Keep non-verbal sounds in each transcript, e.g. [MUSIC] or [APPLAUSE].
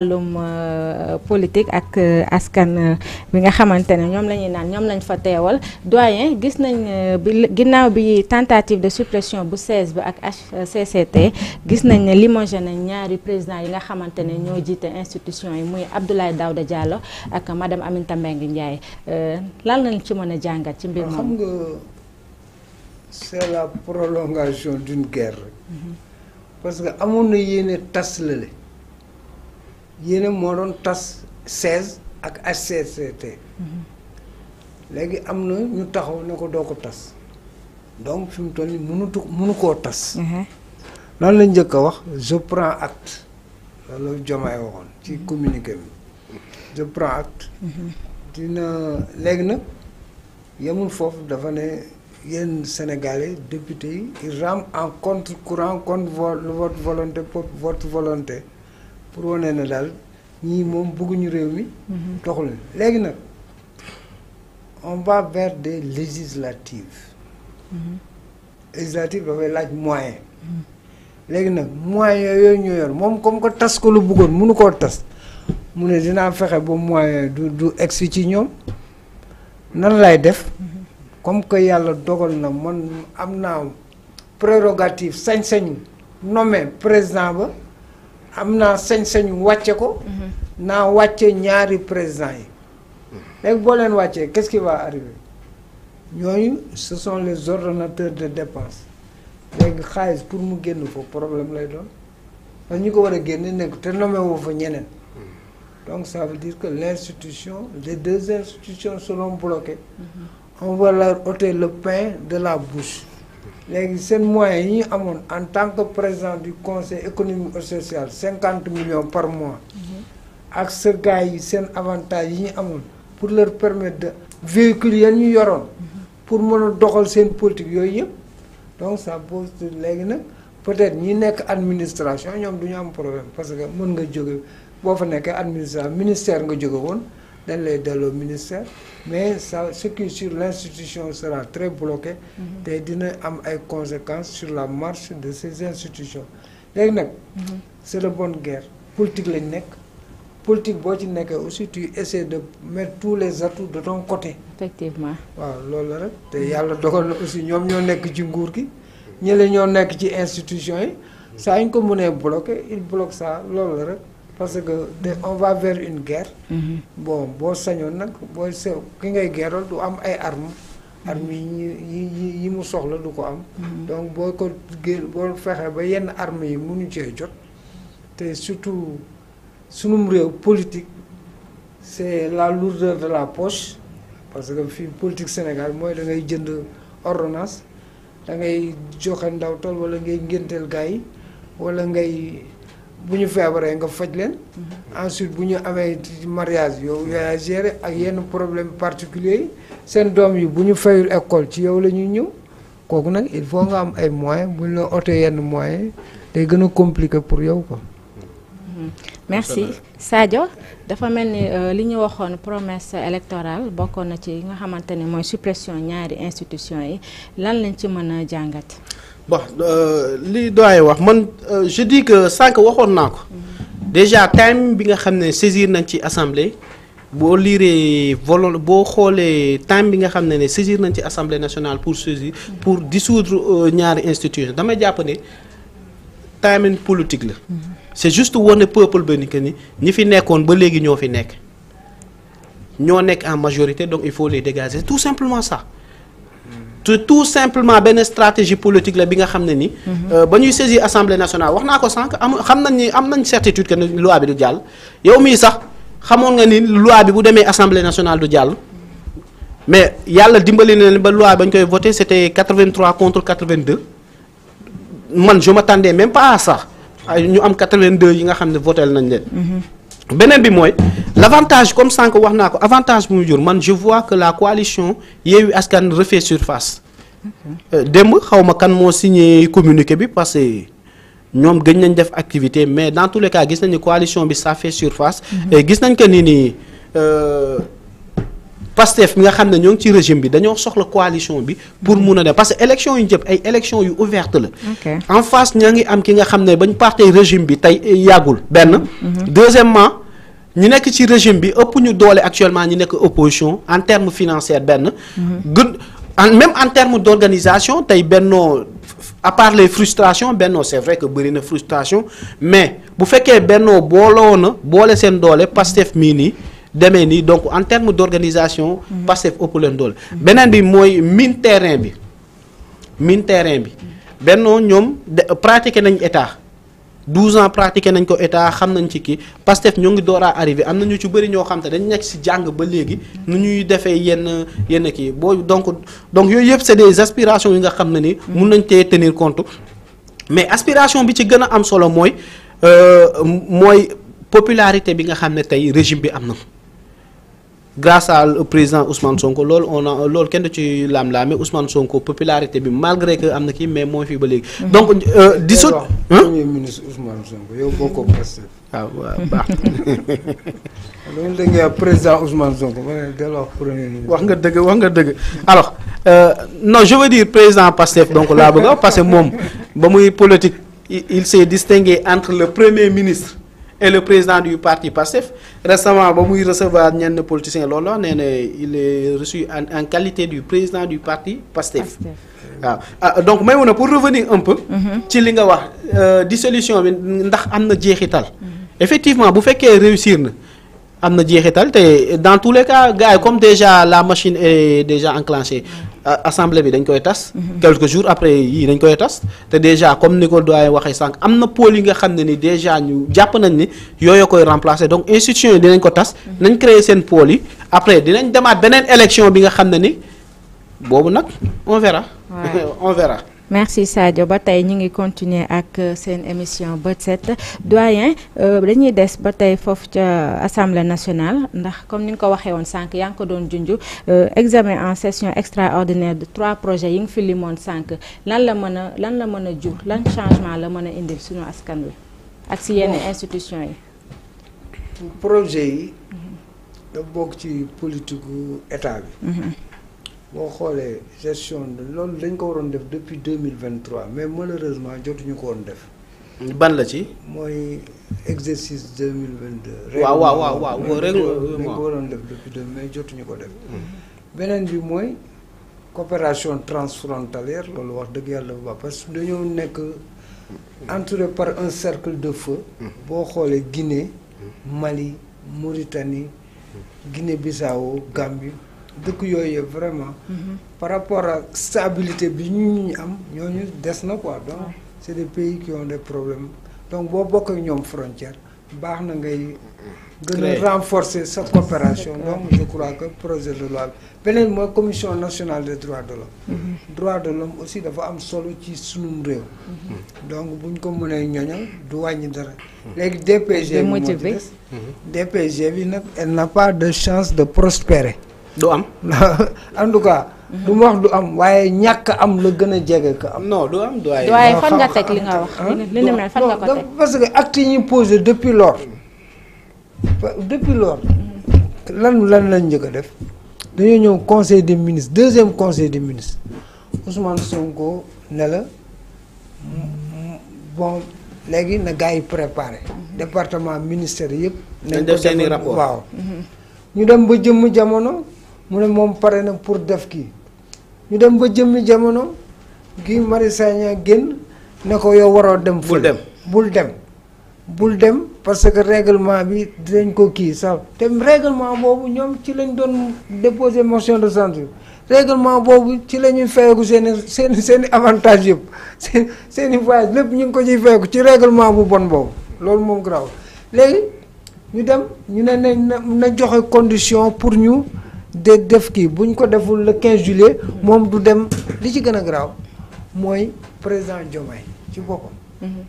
wàllum euh, politique ak euh, askan euh, bi nga xamante ne ñoom la ñuy naan ñoom lañ fa teewal doyen gis nañ bi ginnaaw bi tentative de suppression bu 16 bi ak HCCT gis nañ ne limogé nañ ñaari président yi nga xamante ne ñoo jiite institution yi muy Abdoulaye Daouda Diallo ak madame Aminata Mbengue Ndiaye lan lañ ci mën a jàngat ci mbir moom. xam nga c'est la prolongation d'une guerre. Mhm. parce que amoon na yéene tas la yéene moo doon tas 16 ak HCCT. Mm-hmm. léegi am na ñu taxaw ne ko doo ko tas donc fi mu toll nii mënutu mënu koo tas. Mm-hmm. loolu lañ njëkk a wax je prends acte loolu Diomaye waxoon ci mm-hmm. communiqué bi je prends acte. dina léegi nag yemul foofu dafa ne yéen Sénégalais député yi ils en contre courant contre votre volonté pour votre volonté. pour wane na daal ñii moom bëgguñu réew mi. toxu mhm. leen léegi nag on va vers des législatives. Mhm. législative dafay laaj moyen. Mhm. léegi nag moyen yooyu ñu yor moom comme que tas ko lu bëggoon mënu koo tas mu ne dinaa fexe ba moyen du du egsi ci ñoom nan lay def. comme que yàlla dogal na man am naa prérogative sañ-sañu nommé président ba. am naa sañ-sañu wàcce ko. Mhm. naa wàcce ñaari président yi. léegi boo leen wàccee qu'est-ce qui va arriver ñooñu ce sont les ordonnateurs de dépenses léegi xaalis pour mu génn foofu problème lay doon parce ñu ko war a génne nekk te nommé woo ñeneen. Mhm. donc ça veut dire que l'institution les deux institutions seront bloquées. Mhm. on va leur ôter le pain de la bouche. léegi seen moyens yi ñu amoon en tant que président du conseil économique et social cinquante million par mois. Mhm. ak sa gars yi seen avantage yi ñu amoon pour leur permettre de véhicules yan ñu yoroon. Mhm. pour mën a doxal seen politique yooyu yëpp donc ça pose léegi nag peut-être ñi nekk administration ñoom du ñu am problème parce que mën nga jóge boo fa nekkee administration ministère nga jóge woon. dañ lay delloo ministère mais ça ce qui sur l'institution sera très bloqué mhm. te dina am ay conséquences sur la marche de ces institutions léegi nag mhm. c'est la bonne guerre politique lañ nekk politique boo ci nekkee aussi tu essaies de mettre tous les atouts de ton côté effectivement waaw lool la rek te yàlla dogal na aussi ñoom ñoo nekk ci nguur gi ñële ñoo nekk ci institution yi saa ñu ko mënee bloqué il bloque ça loolu la rek parce que on va vers une guerre. Mm-hmm. bon boo sañoon nag boo sew ki ngay guerral du am ay armes. Mm-hmm. armes yi yi yi mu soxla du ko am. Mm-hmm. donc boo ko gé boo fexe ba yenn arme yi mënu cee jot te surtout sunum réew politique c' est la lourdeur de la poche parce que fii politique Sénégal mooy da ngay jënd ordonnance da ngay joxe ndawtal wala ngay ngénteel gars yi walla ngay. bu ñu feebaree nga faj leen. ensuite bu ñu amee mariage yow yaa géré ak yenn problème particulier yi seen doom yi bu ñu fayul école ci yow la ñuy ñëw kooku nag il faut nga am ay moyens bu ñu la otee yenn moyens day gën a compliqué pour yow ko hmm. merci Sadio dafa mel ni euh, li ñu waxoon promesse électorale bokkoon na ci nga xamante ni mooy suppression ñaari institution yi lan lañ ci mën a jàngat. bo euh, li doy wax man euh, je dis que sànq waxoon naa ko déjà time bi nga xam ne saisir nañ ci assemblée boo liiree volo boo xoolee time bi nga xam ne ne saisir nañ ci assemblée nationale pour saisir pour dissoudre euh, ñaari institution damay jàpp ne timing politique la. c'est juste wane peuple ba ni que ni ñi fi nekkoon ba léegi ñoo fi nekk ñoo nekk en majorité donc il faut les dégager tout simplement ça. tout simplement benn stratégie politique la bi nga xam ne ni. Mhm. Euh, ba ñuy saisir assemblée nationale wax naa ko sànq am xam nañ ni am nañ certitude que loi bi du jàll yow mii sax xamoon nga ni loi bi bu demee assemblée nationale du jàll. mais yàlla dimbali na leen ba loi ba ñu koy voté c' était 83 contre 82 man je m' attendais même pas sax ça ñu am 82 yi nga xam ne voté nañ leen. Mhm. beneen bi mooy l'avantage comme sànq wax naa ko avantage bu mu jur man je vois que la coalition Yewwi Askan refait surface euh, dem xaw ma kan moo signé communiqué bi parce que ñoom gën nañ def activité mais dans tous les cas gis nañu coalition bi sa fait surface. Mm-hmm. et gis nañ que ni nii. Euh, Pastef mi nga xam ne ñoo ngi ci régime bi dañoo soxla coalition bi pour mm-hmm. mun a dem parce que élection yu jëpp ay élection yu ouverte la en face ñaa ngi am ki nga xam ne bañ partee régime bi tey yàggul benn mm-hmm. deuxièmement ñu nekk ci régime bi ëpp ñu doole actuellement ñu nekk opposition en terme financière benn mm-hmm. gën même en terme d'organisation tey bennoo à part les frustrations bennoo c'est vrai que bëri na frustration mais bu fekkee bennoo booloo na boole seen doole Pastef mii nii demee nii donc en terme d' organisation. Mhm. Pastef ëpp leen dool beneen bi mooy mine terrain bi mine terrain bi bennoo ñoom de pratiqué nañ état 12 ans pratiqué nañ ko état xam nañ ci kii Pastef ñoo ngi dooraa arrivé am nañu ci bëri ñoo xam ne dañ nekk si jàng ba léegi. nu ñuy defee yenn yenn kii boo donc donc yooyu yëpp c' est des aspirations yi nga xam ne ni. Mhm. mun nañ tee tenir compte mais aspiration bi ci gën a am solo mooy euh, mooy popularité bi nga xam ne tey régime bi am na. grâce à président Ousmane Sonko loolu a loolu kenn du ci laam-laame Ousmane Sonko popularité bi malgré que am na kii mais mooy fii ba léegi. Mhm. donc euh, di sot. premier ministre Ousmane Sonko yow boo ko Pastef. waaw ah, waaw baax [LAUGHS] loolu nga dëgg wax nga dëgg alors euh, non je veux dire président Pastef donc laa bëgg a parce moom ba muy politique il, il distingué entre le premier ministre. et le président du parti PASTEF récemment ba muy recevoir ñenn politicien loolu nee na il est reçu en, en qualité du président du parti PASTEF waaw ah, donc may mun a pour revenir un peu mhm. ci li nga wax euh, dissolution bi ndax am na jeexital mhm. effectivement bu fekkee réussir na am na jeexital te dans tous les cas gars comme déjà la machine est déjà enclenchée assemblée bi dañ koy tas. quelques jours après yii dañ koy tas te déjà comme ni ko doyen waxee sànq am na pôle yi nga xam ne ni déjà ñu jàpp nañ ni yooyu koy remplacer donc institution yi dinañ ko tas. nañ créer seen pôle yi après dinañ demaat beneen élection bi nga xam ne ni boobu nag on verra. [LAUGHS] merci Sadio ba tey ñu ngi continuer ak euh, seen émission bët set doyen euh, dañuy des ba tey foofu ca assemblée nationale ndax comme ni nga ko waxee woon sànq yaa ngi ko doon junju euh, examen en session extraordinaire de trois projets yi nga fi limoon sànq lan la mën a lan la mën a jur lan changement la mën a indil suñu askan wi ak si yenn institution yi. projet yi. da bokk ci politique état bi. Mhm. boo xoolee gestion de loolu dañ ko waroon def depuis deux mille vingt trois mais malheureusement jotuñu ko woon def. ban la ci. mooy exercice deux mille vingt deux. waaw waaw waaw waaw dañ ko waroon def depuis deux mais jotuñu ko def. Hmm. beneen bi mooy coopération transfrontalière loolu wax dëgg yàlla bu baax parce que dañoo nekk entouré par un cercle de feu. Hmm. boo xoolee Guinée. Hmm. Mali Mauritanie. Guinée-Bissau Gambie. dëkk yooyu vraiment. Mhm. par rapport ak stabilité bi ñu am ñooñu des na ko donc c' de des pays qui ont des problèmes donc boo bokk ñoom frontière baax na ngay. gën a renforcer sa coopération donc je crois que projet de loi bi beneen mooy commission nationale des droits de l'homme mhm. droit de l'homme aussi dafa am solo ci sunum réew mhm. donc buñ ko mënee ñoñal du wàññi dara léegi DPG bi moo ci des DPG bi nag elle n'a pas de chance de prospérer du am. [LAUGHS] en tout cas. du ma wax du am waaye ñàkk am la gën a jege ka am. non du am doyen. doyen fan nga teg li nga wax. li ni mel fan nga ko teg parce que acte yi ñu posé depuis lors depuis lors lan lan lañ njëkk a def dañoo ñëw conseil des ministre deuxième conseil de ministres Ousmane Sonko ne la bon léegi na gars yi préparé. département ministère yëpp. nañ ko def waaw. Mhm. ñu dem ba jëmm jamono. mu ne moom pare na pour def kii ñu dem ba jëmmi jamono gi Mari Sagna génn ne ko yow waroo dem. bul dem bul dem. bul dem parce que réglement bi dinañ ko kii sax te réglement boobu ñoom ci lañ doon déposer motion de censure règlement boobu ci la ñuy fayeeku seen seen seen i avantage yëpp seeni seen lépp ñu ngi ko ci fayeeku ci réglement bu bon boobu loolu moom garaaw léegi ñu dem ñu ne nañ na joxe condition pour ñu. de def kii buñ ko deful le 15 juillet moom du dem li ci gën a garaaw mooy président Diomaye ci boppam. Mhm.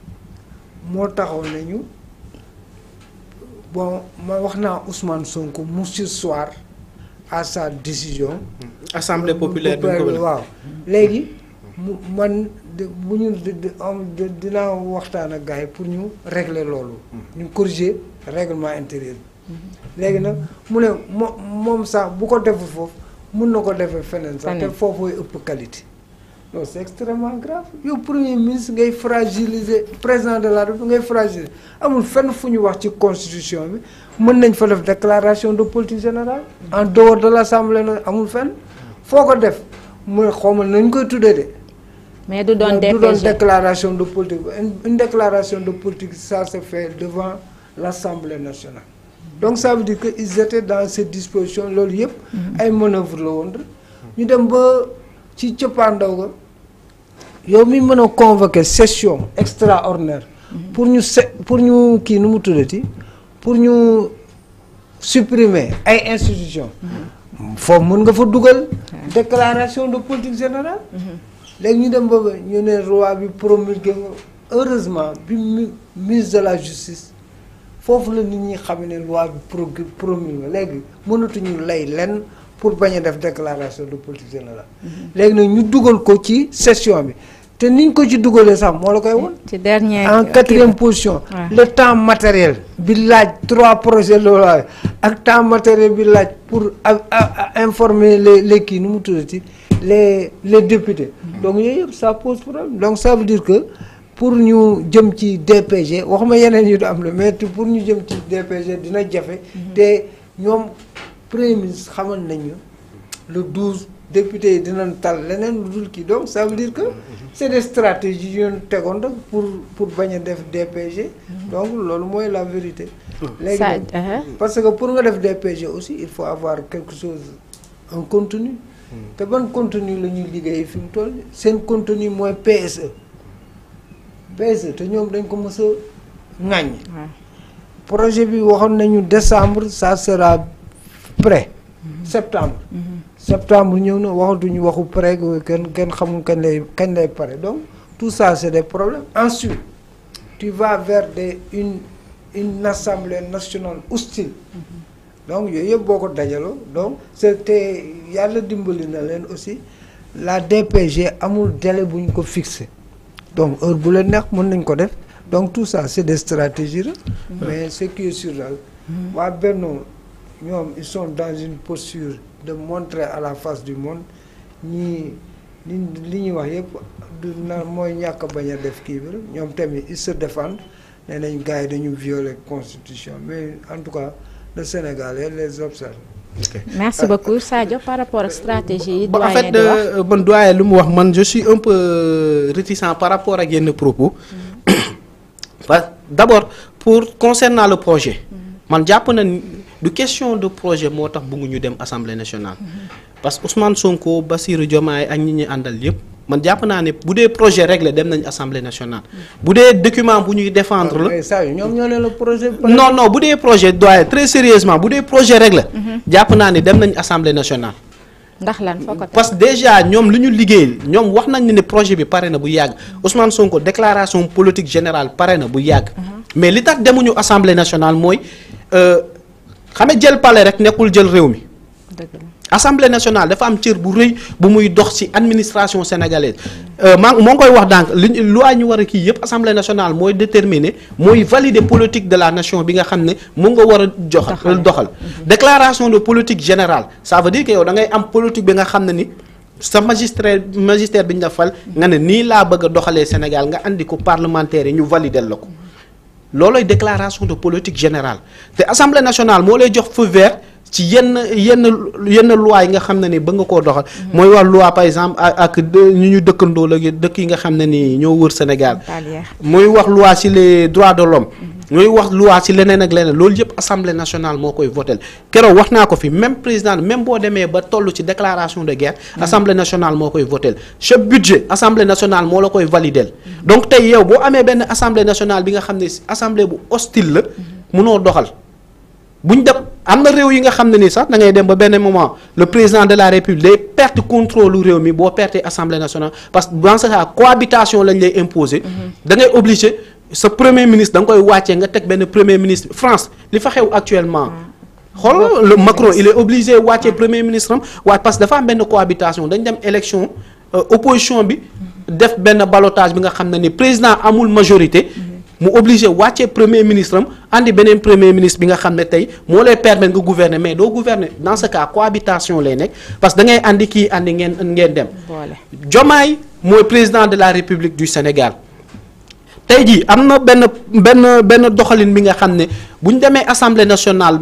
moo taxaw nañu bon ma wax naa Ousmane sonk mu surseoir à sa décision. assemblée populaire bi ko waaw léegi mu man bu ñu dinaa waxtaan a gars yi pour ñu régler loolu. Mhm. ñu corriger réglement intérieur bi. léegi nag mu ne moom moom sax bu ko defee foofu mun na ko defee feneen sax te foofu ëpp qualité non c'est extrêmement grave yow premier ministre ngay fragiliser président de la République ngay fragiliser amul fenn fu ñu wax ci constitution bi mën nañ fa def déclaration de politique général en dehors de l'Assemblée na amul fenn foo ko def mu ne xawma nañ koy tuddee de mais du doon déclaration de politique une déclaration de politique ça se fait devant l'Assemblée nationale donc ça veut dire que ils dans cette disposition loolu yëpp. ay manœuvre la woon ñu dem ba ci cëppaandaw ga yow mi mën a convoquer session extraordinaire. pour ñu se pour ñu kii nu mu tuddati pour ñu supprimer ay institutions. foo mën nga fa dugal. déclaration de politique générale. léegi ñu dem ba ñu ne roi bi promulgué ko heureusement bi ministre de la justice. foofu la nit ñi xam ne loi bi pro promulgué léegi mënatuñu lay lenn pour bañ a def déclaration de politique la mhm. léegi nag ñu dugal ko ci session bi te niñ ko ci dugalee sax moo la koy won ci dernier en quatrième position. le temps matériel. bi laaj trois projets de ak temps matériel bi laaj pour informer les les kii nu mu tuddati les les députés. Mhm. donc yooyu yëpp ça pose problème donc ça veut dire que. pour ñu jëm ci DPG ma yeneen yi du am la mais pour ñu jëm ci DPG dina jafe. Mhm. te ñoom premier ministre xamal nañu le 12 député yi dina tal leneen lu dul kii donc ça veut que mhm. c' est des stratégies yu tegoon rek pour pour bañ a def DPG. Mhm. donc loolu mooy la vérité. léegi uh-huh. parce que pour nga def DPG aussi il faut avoir quelque chose un contenu. te ban contenu la liggéey fi mu toll seen contenu mooy PSE. PSE te ñoom dañ ko mës a ŋàññ projet bi waxoon nañu décembre ça sera prêt septembre mm-hmm. septembre ñëw na waxatuñu waxu prêt kenn kenn xamul kañ lay kañ lay pare donc tout ça c'est des problèmes ensuite tu vas vers des une une assemblée nationale hostile mm-hmm. donc yooyu yëpp boo ko dajaloo donc c'était yàlla dimbali na leen aussi la DPG amul dele bu ñu ko fixé donc heure bu leen neex mën nañ ko def donc tout ça c' est des stratégies la. mais ce qui est la daal. waa Benno ñoom ils sont dans une posture de montrer à la face du monde ñii li ñuy wax yëpp du na mooy ñàkk bañ a def kii bi ñoom tamit ils se défendent nee nañ gars yi dañu violer constitution mais en tout cas le Sénégalais les observe. Okay. merci euh, beaucoup Sadio par rapport ak stratégie yi. doyen man euh, doyen lu mu wax man je suis un peu euh, réticent par rapport ak yenn propos. Mm-hmm. parce d' abord pour concernant le projet. Mm-hmm. man jàpp na du question de projet moo tax ñu dem assemblée nationale. Mm-hmm. parce que Ousmane Sonko Bassirou Diomaye ak ñi ñuy àndal yëpp. man jàpp naa ne bu dee projet réglé dem nañ assemblée nationale. bu dee document bu ñuy défendre la. Ah, ñoom ñoo ne la projet. non bu dee projet doyen très sérieusement bu dee projet réglé. Mhm. jàpp naa ne dem nañ assemblée nationale. ndax lan foo ko parce que déjà ñoom lu ñu liggéey ñoom wax nañ ne projet bi pare na bu yàgg mhm. Ousmane Sonko déclaration politique générale pare na bu yàgg. Mhm. mais li tax demuñu assemblée nationale mooy euh, xam jël palais rek nekkul jël réew mi. assemblée nationale dafa am cër bu rëy bu muy dox ci administration sénégalaise euh, maa moo ngi koy wax donc li loi ñu war a kii yëpp assemblée nationale mooy déterminer mooy valider politique de la nation bi nga xam ne mu nga war a jox doxal déclaration de politique générale ça veut dire que yow da ngay am politique bi nga xam ne ni sa magistrat magistère bi ñu la fal nga ne nii laa bëgg a doxalee Sénégal nga indi ko parlementaire yi ñu valider la ko loolooy déclaration de politique générale te assemblée nationale moo lay jox feu ci yenn yenn yenn loi yi nga xam ne ni ba nga koo doxal. Mm-hmm. mooy wax loi par exemple ak ñu ñu dëkkandoo la dëkk yi nga xam ne ni ñoo wër Sénégal. mooy wax loi ci les droits de l'homme ñooy mm-hmm. wax loi ci leneen ak leneen loolu yëpp assemblée nationale moo koy voté keroo wax naa ko fi même président même boo demee ba toll ci déclaration de guerre. Mm-hmm. assemblée nationale moo koy voté chef budget assemblée nationale moo la koy validel donc tey yow boo amee benn assemblée nationale bi nga xam ne assemblée bu hostile la. munoo doxal. bu ñu dem am na réew yi nga xam ne ni sax da ngay dem ba benn moment le président de la république day perte contrôle lu réew mi boo perte assemblée nationale parce que dans ce cas cohabitation lañ lay imposer. Mm-hmm. da ngay obligé sa premier ministre da nga koy wàccee nga teg benn premier ministre France li fa xew actuellement. Mm-hmm. xool le Macron il est obligé wàccee mm-hmm. premier ministre am waaye parce que dafa am benn cohabitation dañ dem élection euh, opposition bi. def benn ballottage bi nga xam ne ni président amul majorité. mu obligé wàccee premier ministre am andi beneen premier ministre bi nga xam ne tey moo lay permettre nga gouverner mais doo gouverner dans ce cas cohabitation lay nekk parce que ngay andi kii andi ngeen ngeen dem. Jomaay mooy président de la République du Sénégal. tey jii am na benn benn benn doxalin bi nga xam ne bu ñu demee assemblée nationale.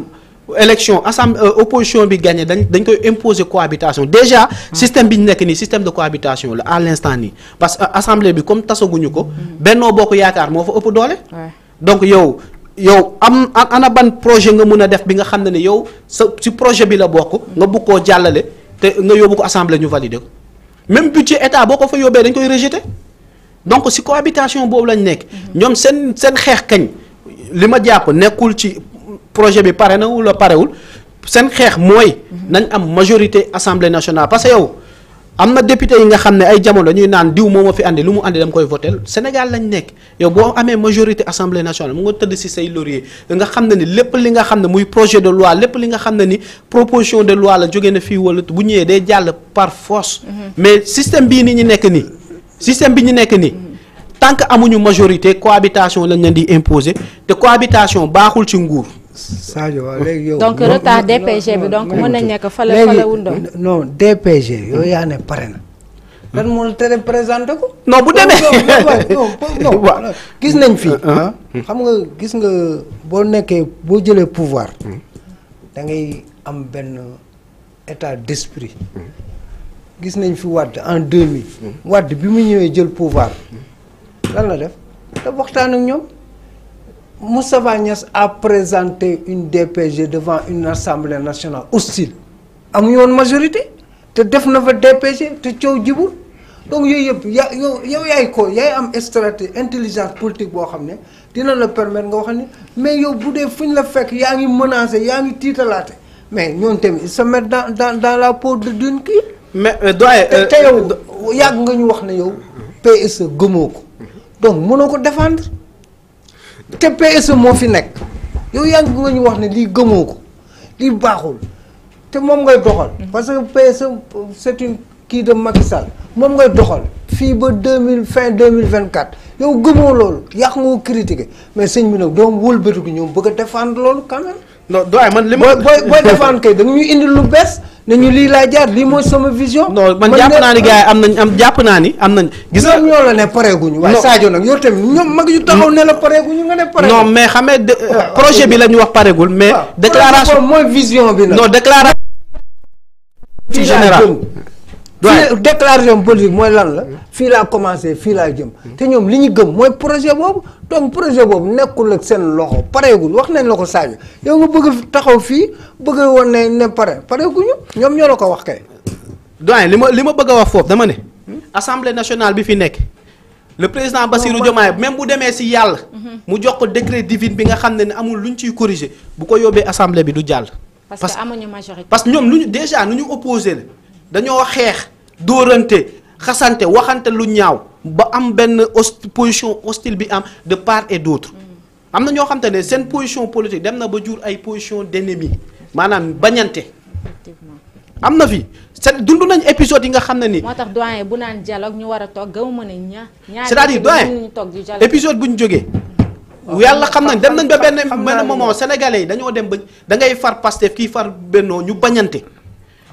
élection assemblée euh, opposition bi gagné dañ dañ koy imposer cohabitation déjà hmm. système bi ñu nekk nii système de cohabitation la à l'instant nii parce que euh, assemblée bi comme tasaguñu ko hmm. Benno Bokk Yaakaar moo fa ëpp doole donc yow yow am ana ban projet nga mun a def bi nga xam ne ne yow sa si projet bi la bokk nga bëgg koo jàllale te nga yóbbu ko assemblée ñu valider ko même budget état boo ko fa yóbbee dañ koy rejeter donc si cohabitation boobu lañ nekk hmm. ñoom seen seen xeex kañ li ma jàpp projet bi pare na wula parewul seen xeex mooy nañ am majorité assemblée nationale parce que yow am na député yi nga xam ne ay jamono ñuy naan diw moo a fi andi lu mu andi dama koy votel Sénégal lañ nekk yow boo amee majorité assemblée nationale mu nga tëdd si say laurier nga xam ne ni lépp li nga xam ne muy projet de loi lépp li nga xam ne ni proposition de loi la jóge na fii wala bu ñëwee day jàll par force. Mm-hmm. mais système bii ni ñu nekk nii système bi ñu nekk nii. tant que amuñu majorité cohabitation lañ leen di imposer te cohabitation baaxul ci nguur. Sadio waaw léegi yow. donc retard DPG bi donc mën nañu nekk fa fële wundoo. non DPG yow yaa ne pare na. lan moo tere présenté ko. non bu demee [LAUGHS] gis nañ fii. Uh-huh. Uh-huh. xam nga gis nga boo nekkee boo jëlee pouvoir. Hmm. da am benn état d'esprit. gis nañ fi Wade en 2000. Hmm. Wade bi mu ñëwee jël pouvoir. Hmm. lan la def te waxtaan ñoom. Moustapha Niasse a présenté une DPG devant une assemblée nationale hostile am yoon majorité te def na fa DPG te coow jibul donc yooyu yëpp ya yow yaay ko yaay am stratégie intelligence politique boo xam ne dina la permettre nga wax ne mais yow bu dee fu ñu la fekk yaa ngi menacé yaa ngi tiitalaate mais ñoom tamit ils se mettent dans dans dans la peau de d'une kii. mais euh, doyen te euh, yow euh, yàgg nga ñu wax ne yow. PSE gëmoo ko donc mënoo ko défendre. te PSE moo fi nekk yow yaa ngi bëgg ñu wax ne lii gëmoo ko lii baaxul te moom ngay doxal. parce que PSE c'est kii dem Macky sal moom ngay doxal fii ba deux mille fin deux mille vingt quatre yow gëmoo loolu yàq nga ko critiqué mais sëñ bi nag doom wëlbatiku ñoom bëgg a défendre loolu quand non doy man li ma. booy booy [LAUGHS] defaan kay da nga indi lu bees ne ñu lii laa jaar lii mooy sama vision. non man jàpp naa ni gars yi am nañ am jàpp naa ni am nañ. gis nga ñoo la ne pareeguñu. waaye Sadio nag yow tamit ñoom mag yu taxaw ne la ñu nga ne pareeguñu. non mais xamee ah, ah, projet bi la ñu wax pareegul mais. Ah, déclaration mooy vision bi nag. non déclaration. générale doyen déclaration politique mooy lan la. fii laa commencé fii laa jëm. te ñoom li ñu gëm mooy projet boobu donc projet boobu nekkul ak seen loxo pareegul wax nañ na ko Sadio yow nga bëgg taxaw fii bëgg woon ne ne pare pareeguñu ñoom ñoo la ko wax kay. doyen li ma li ma bëgg a wax foofu dama ne. assemblée nationale bi fi nekk. le président Bassirou Diomaye même bu demee si yàlla. mu jox ko décret divine bi nga xam ne ne amul lu ñu ciy corriger bu ko yóbbee assemblée bi du jàll. parce que amuñu majorité parce que ñoom lu ñu déjà nu ñu opposé la. dañoo xeex doorante xasante waxante lu ñaaw ba am benn position hostile bi am de part et d'autre am na ñoo xam ne seen position politique dem na ba jur ay position d'ennemi maanaam bañante am na fi c'est dund nañ épisode yi nga xam ne ni. moo tax doyen bu naan dialogue ñu war a toog gaw mën a ñaar. c'est-à-dire doyen épisode bu ñu jógee. yàlla xam nañ dem nañ ba benn benn moment sénégalais yi dañoo dem ba da ngay far Pastef kii far bennoo ñu bañante.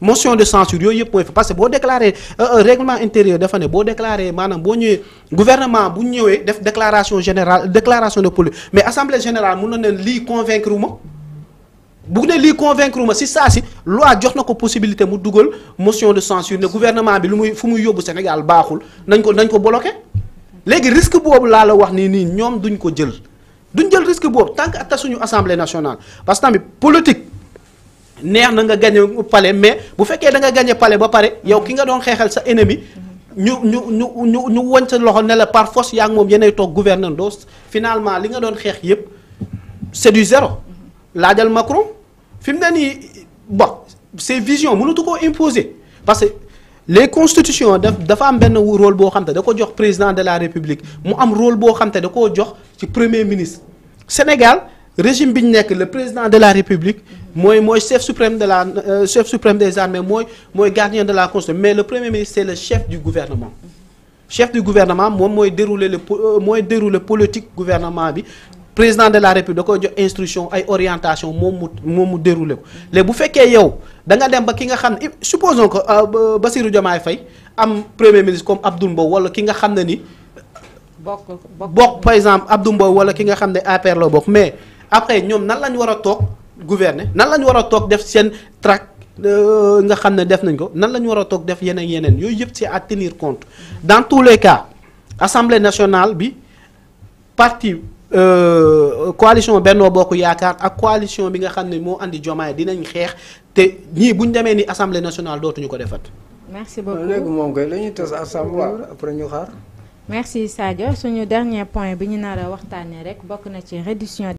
motion de censure yooyu yëpp mooy fa parce que boo déclaré euh, euh, règlement intérieur dafa ne boo déclaré maanaam boo ñëwee gouvernement bu ñëwee def déclaration général déclaration de politique mais assemblée général mun na ne lii convaincre ma bu ne lii convaincre ma si saa si loi jox na ko possibilité mu dugal motion de censure ne gouvernement bi lu muy fu muy yóbbu Sénégal baaxul nañ ko nañ ko bloqué léegi risque boobu laa la wax nii nii ñoom duñ ko jël duñ jël risque boobu tant que tasuñu assemblée nationale parce que tamit politique. neex na nga gagné pale mais bu fekkee da nga gagné palais ba pare yow ki nga doon xeexal sa ennemi ñu ñu ñu ñu ñu woñ sa loxo ne la par force yaa moom moom yenay toog dos finalement li nga doon xeex yëpp c'est du zéro laajal Macron fi mu ne nii bon ces visions mënatu ko imposer parce que les constitutions dafa am benn rôle boo xam te da ko jox président de la république mu am rôle boo xam te da koo jox ci premier ministre Sénégal régime bi ñu nekk le président de la république. mooy mooy chef suprême de la euh, chef suprême des armées mooy mooy gardien de la constitution mais le premier ministre c'est le chef du gouvernement chef du gouvernement moom mooy dérouler le euh, mooy dérouler politique gouvernement bi président de la république da koy jox instruction ay orientation moom mu moom mu déroulé ko léegi bu fekkee yow da nga dem ba ki nga xam ne supposons que euh, Bassirou Diomaye fay am premier ministre comme Abdoul Mbow wala ki nga xam ne ni bokk par exemple Abdoul Mbow wala ki nga xam ne APR la bokk mais après ñoom nan lañ war a toog gouverner nan la ñu war a toog def seen trac euh, nga xam ne def nañ ko nan la ñu war a toog def yeneen yeneen yooyu yëpp c'est ak tenir compte dans tous les cas assemblée nationale bi parti Euh, coalition Benno Bokk Yaakaar ak coalition bi nga xam ne moo indi Diomaye dinañ xeex te ñii bu demee ni assemblée nationale dootuñu ko defat. merci la ñu xaar. merci Sadio suñu dernier bi ñu a